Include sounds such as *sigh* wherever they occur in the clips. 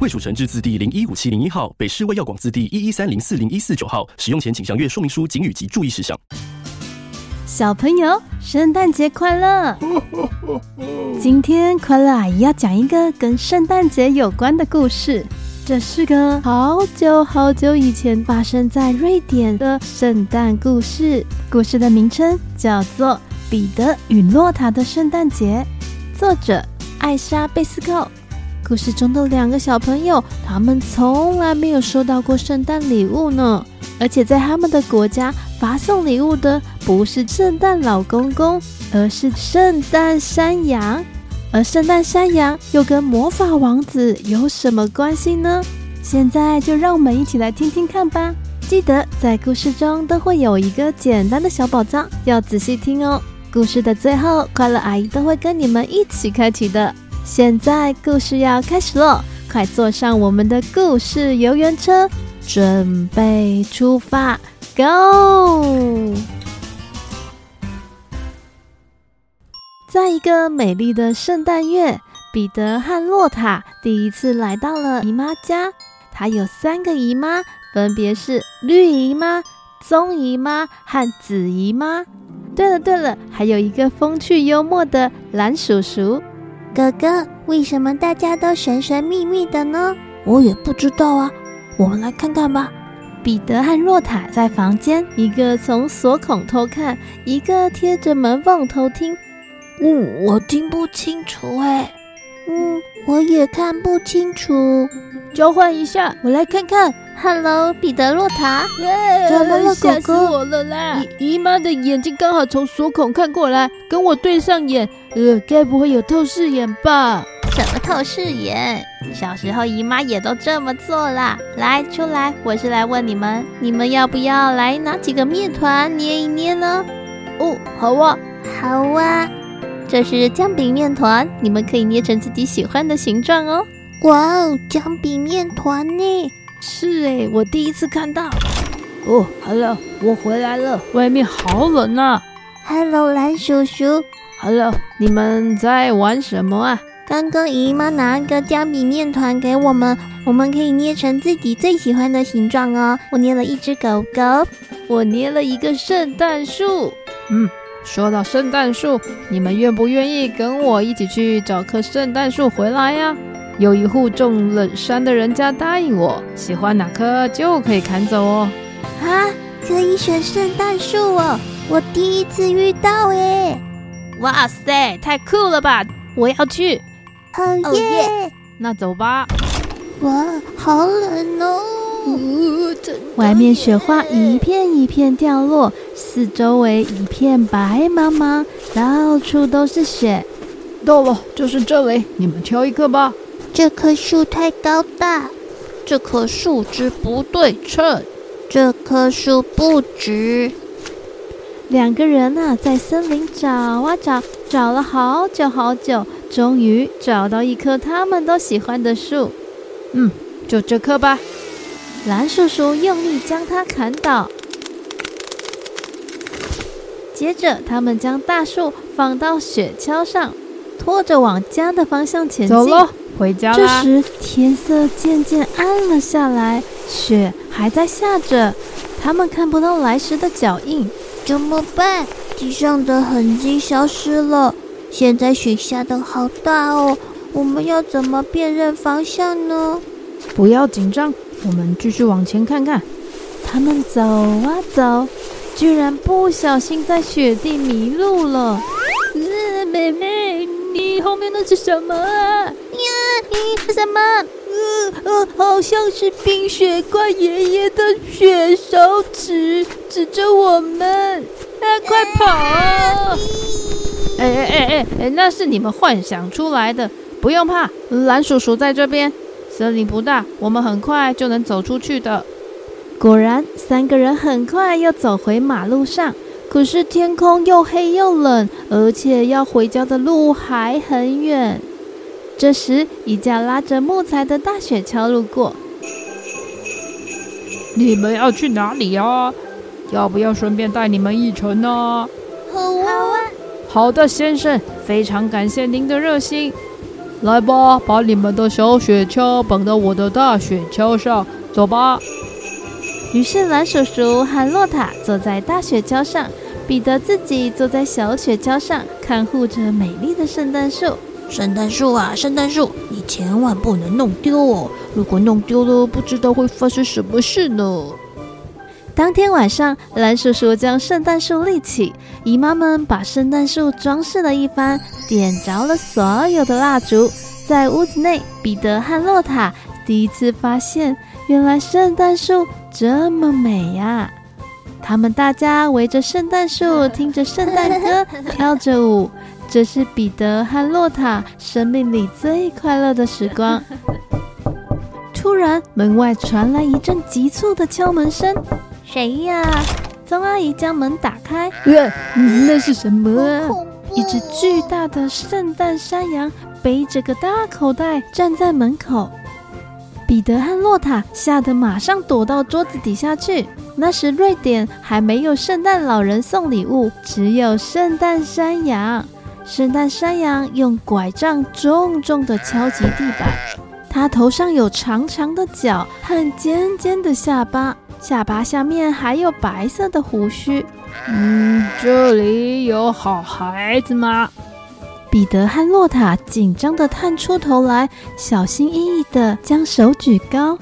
衛署成製字第零一五七零一號，北市衛藥廣字第幺幺三零四零一四九號。使用前請詳閱說明書、警語及注意事項。小朋友，聖誕節快樂！ *laughs* 今天快樂阿姨要講一個跟聖誕節有關的故事。這是個好久好久以前發生在瑞典的聖誕故事。故事的名稱叫做《彼得與洛塔的聖誕節》，作者艾莎貝斯寇。故事中的兩個小朋友，他們從來沒有收到過聖誕禮物呢。而且在他們的國家，發送禮物的不是聖誕老公公，而是聖誕山羊。而聖誕山羊又跟魔法王子有什麼關係呢？現在就讓我們一起來聽聽看吧。記得在故事中都會有一個簡單的小寶藏，要仔細聽哦。故事的最後，快樂阿姨都會跟你們一起開啟的。現在故事要開始了，快坐上我們的故事遊園車，準備出發，Go！在一個美麗的聖誕夜，彼得和洛塔第一次來到了姨媽家。他有三個姨媽，分別是綠姨媽、棕姨媽和紫姨媽。對了對了，還有一個風趣幽默的藍叔叔。哥哥，為什麼大家都神神秘秘的呢？我也不知道啊。我們來看看吧。彼得和洛塔在房間，一個從鎖孔偷看，一個貼着門縫偷聽。嗯，我聽不清楚哎、欸。嗯，我也看不清楚。交換一下，我來看看。Hello，彼得，洛塔。耶！怎麼了，狗狗？嚇死我了啦！姨姨媽的眼睛剛好從鎖孔看過來，跟我對上眼。呃，該不會有透視眼吧？什麼透視眼？小時候姨媽也都這麼做了。來，出來，我是來問你們，你們要不要來拿幾個麵團捏一捏呢？哦，好哇，好哇。這是薑餅麵團，你們可以捏成自己喜歡的形狀哦。哇哦，薑餅麵團誒？是誒，我第一次看到。哦，好了，我回來了，外面好冷啊。Hello，藍叔叔。Hello，你們在玩什麼啊？剛剛姨媽拿個薑餅麵團給我們，我們可以捏成自己最喜歡的形狀哦。我捏了一隻狗狗，我捏了一個聖誕樹。嗯，說到聖誕樹，你們願不願意跟我一起去找棵聖誕樹回來呀、啊？有一戶種冷杉的人家答應我，喜歡哪棵就可以砍走哦。啊，可以選聖誕樹哦。我第一次遇到耶！哇塞，太酷了吧！我要去。哦、oh, 耶、yeah oh, yeah！那走吧。哇，好冷哦、呃！外面雪花一片一片掉落，四周圍一片白茫茫，到處都是雪。到了，就是這裡。你們挑一個吧。這棵樹太高大。這棵樹枝不對稱。這棵樹不直。兩個人呢、啊，在森林找啊找，找了好久好久，終於找到一棵他們都喜歡的樹。嗯，就這棵吧。藍叔叔用力將它砍倒，接着他們將大樹放到雪橇上，拖着往家的方向前進。走了，回家啦。這時天色漸漸暗了下來，雪還在下着，他們看不到來時的腳印。怎麼辦？地上的痕跡消失了，現在雪下的好大哦，我們要怎麼辨認方向呢？不要緊張，我們繼續往前看看。他們走啊走，居然不小心在雪地迷路了。 *noise* *noise* 嗯，妹妹，你後面那是什麼啊？呀，咦，是什麼？呃呃，好像是冰雪怪爺爺的雪手指指着我們，啊，快跑啊！哎哎哎哎哎，那是你們幻想出來的，不用怕，藍叔叔在這邊，森林不大，我們很快就能走出去的。果然，三個人很快又走回馬路上，可是天空又黑又冷，而且要回家的路還很遠。這時，一架拉着木材的大雪橇路過。你們要去哪裡呀？要不要順便帶你們一程呢？好啊！好的，先生，非常感謝您的熱心。來吧，把你們的小雪橇綁到我的大雪橇上，走吧。於是，藍叔叔和洛塔坐在大雪橇上，彼得自己坐在小雪橇上，看護着美麗的聖誕樹。聖誕樹啊，聖誕樹，你千萬不能弄丟哦！如果弄丟了，不知道會發生什麼事呢？當天晚上，藍叔叔將聖誕樹立起，姨媽們把聖誕樹裝飾了一番，點着了所有的蠟燭，在屋子內，彼得和洛塔第一次發現，原來聖誕樹這麼美呀、啊！他們大家圍着聖誕樹，聽着聖誕歌，跳着舞。這是彼得和洛塔生命裡最快樂的時光。 *laughs* 突然，門外傳來一陣急促的敲門聲。誰啊？“誰呀？”曾阿姨將門打開。 *laughs* 嗯，那是什麼？ *laughs* 一隻巨大的聖誕山羊，背着個大口袋，站在門口。彼得和洛塔嚇得馬上躲到桌子底下去。那時，瑞典還沒有聖誕老人送禮物，只有聖誕山羊。聖誕山羊用拐杖，重重的敲擊地板。它頭上有長長的角，和尖尖的下巴，下巴下面還有白色的鬍鬚。嗯，這裡有好孩子嗎？彼得和洛塔緊張地探出頭來，小心翼翼地將手舉高。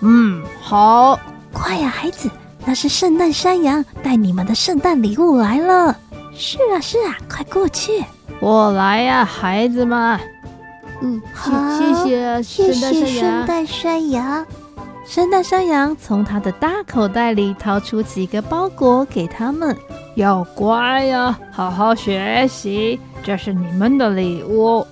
嗯，好。快呀，啊，孩子！那是聖誕山羊帶你們的聖誕禮物來了。是啊，是啊，快過去！我來呀，孩子們。嗯，好，謝謝啊，謝謝聖誕山羊。聖誕山羊從他的大口袋裡掏出幾個包裹給他們，要乖呀，好好學習，這是你們的禮物。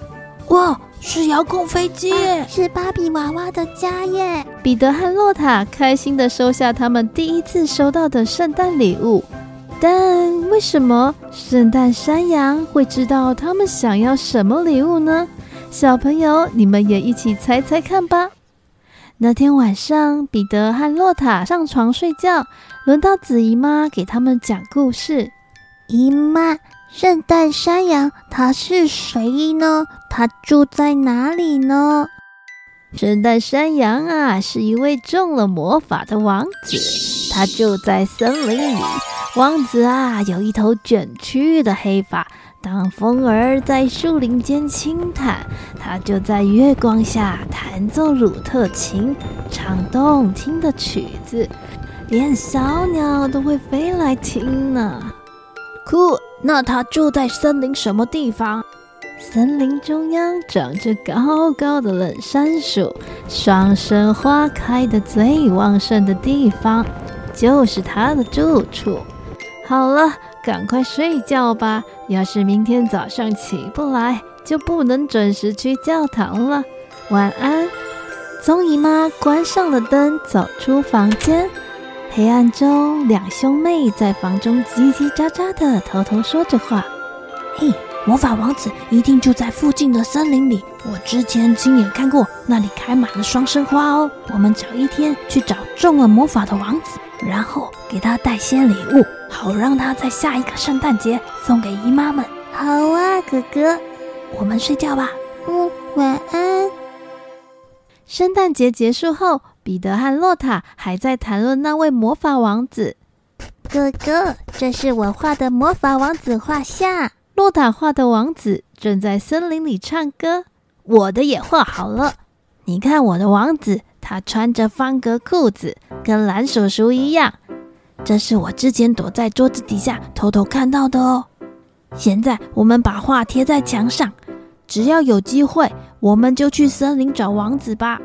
哇，是遙控飛機，啊，是芭比娃娃的家耶！彼得和洛塔開心的收下他們第一次收到的聖誕禮物。但為什麼聖誕山羊會知道他們想要什麼禮物呢？小朋友，你們也一起猜猜看吧。那天晚上，彼得和洛塔上床睡覺，輪到紫姨媽給他們講故事。姨媽，聖誕山羊，他是誰呢？他住在哪裡呢？聖誕山羊啊，是一位中了魔法的王子，他住在森林裡。王子啊，有一頭捲曲的黑髮。當風兒在樹林間輕嘆，他就在月光下彈奏魯特琴，唱動聽的曲子，連小鳥都會飛來聽呢。酷，那他住在森林什麼地方？森林中央長着高高的冷杉樹，雙生花開得最旺盛的地方，就是他的住處。好了，趕快睡覺吧。要是明天早上起不來，就不能準時去教堂了。晚安。棕姨媽關上了燈，走出房間。黑暗中，兩兄妹在房中嘰嘰喳喳地偷偷說着話。嘿。魔法王子一定就在附近的森林裡。我之前親眼看過，那裡開滿了雙生花哦。我們找一天去找中了魔法的王子，然後給他帶些禮物，好讓他在下一個聖誕節送給姨媽們。好啊，哥哥，我們睡覺吧。嗯，晚安。聖誕節結束後，彼得和洛塔還在談論那位魔法王子。哥哥，這是我畫的魔法王子畫像。洛塔畫的王子正在森林裡唱歌。我的也畫好了。你看我的王子，他穿着方格褲子，跟藍叔叔一樣。這是我之前躲在桌子底下偷偷看到的哦。現在我們把畫貼在牆上，只要有機會，我們就去森林找王子吧。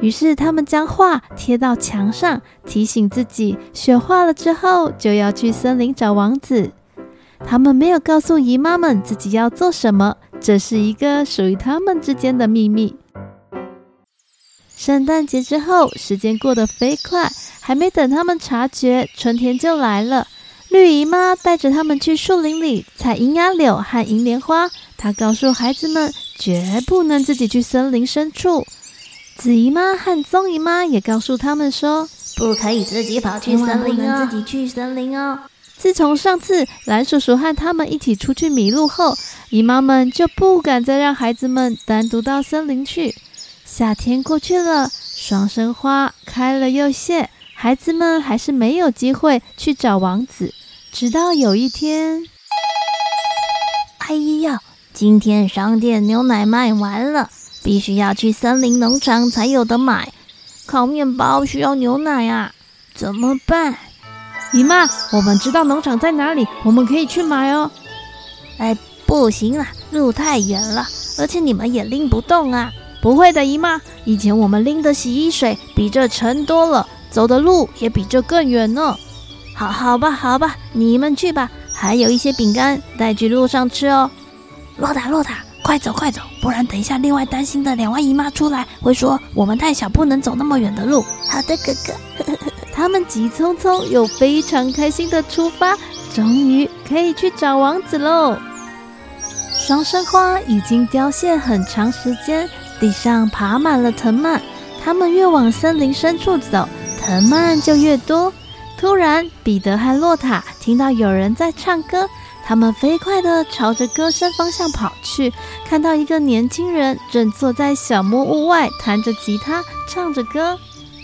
於是他們將畫貼到牆上，提醒自己雪化了之後就要去森林找王子。他們沒有告訴姨媽們自己要做什麼，這是一個屬於他們之間的秘密。聖誕節之後，時間過得飛快，還沒等他們察覺，春天就來了。綠姨媽帶着他們去樹林裡採銀芽柳和銀蓮花，她告訴孩子們絕不能自己去森林深處。紫姨媽和棕姨媽也告訴他們說，不可以自己跑去森林哦，自己去森林哦。自從上次藍叔叔和他們一起出去迷路後，姨媽們就不敢再讓孩子們單獨到森林去。夏天過去了，雙生花開了又謝，孩子們還是沒有機會去找王子，直到有一天。哎呀，今天商店牛奶賣完了，必須要去森林農場才有得買。烤麵包需要牛奶啊，怎麼辦？姨媽，我們知道農場在哪裡，我們可以去買哦。哎，不行啦，路太遠了，而且你們也拎不動啊。不會的，姨媽，以前我們拎的洗衣水比這沉多了，走的路也比這更遠呢。好好吧，好吧，你們去吧，還有一些餅乾帶去路上吃哦。洛塔，洛塔，快走快走，不然等一下另外擔心的兩位姨媽出來會說我們太小不能走那麼遠的路。好的，哥哥。呵呵他們急匆匆又非常開心的出發，終於可以去找王子嘍。雙生花已經凋謝很長時間，地上爬滿了藤蔓。他們越往森林深處走，藤蔓就越多。突然，彼得和洛塔聽到有人在唱歌，他們飛快地朝着歌聲方向跑去，看到一個年輕人正坐在小木屋外彈着吉他，唱着歌。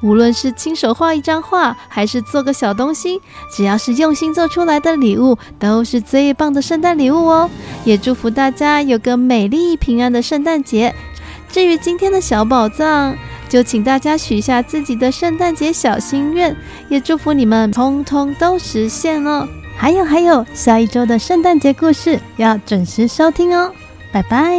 無論是親手畫一張畫，還是做個小東西，只要是用心做出來的禮物，都是最棒的聖誕禮物哦！也祝福大家有個美麗平安的聖誕節。至於今天的小寶藏，就請大家許下自己的聖誕節小心願，也祝福你們通通都實現哦！還有還有，下一周的聖誕節故事要準時收聽哦！拜拜。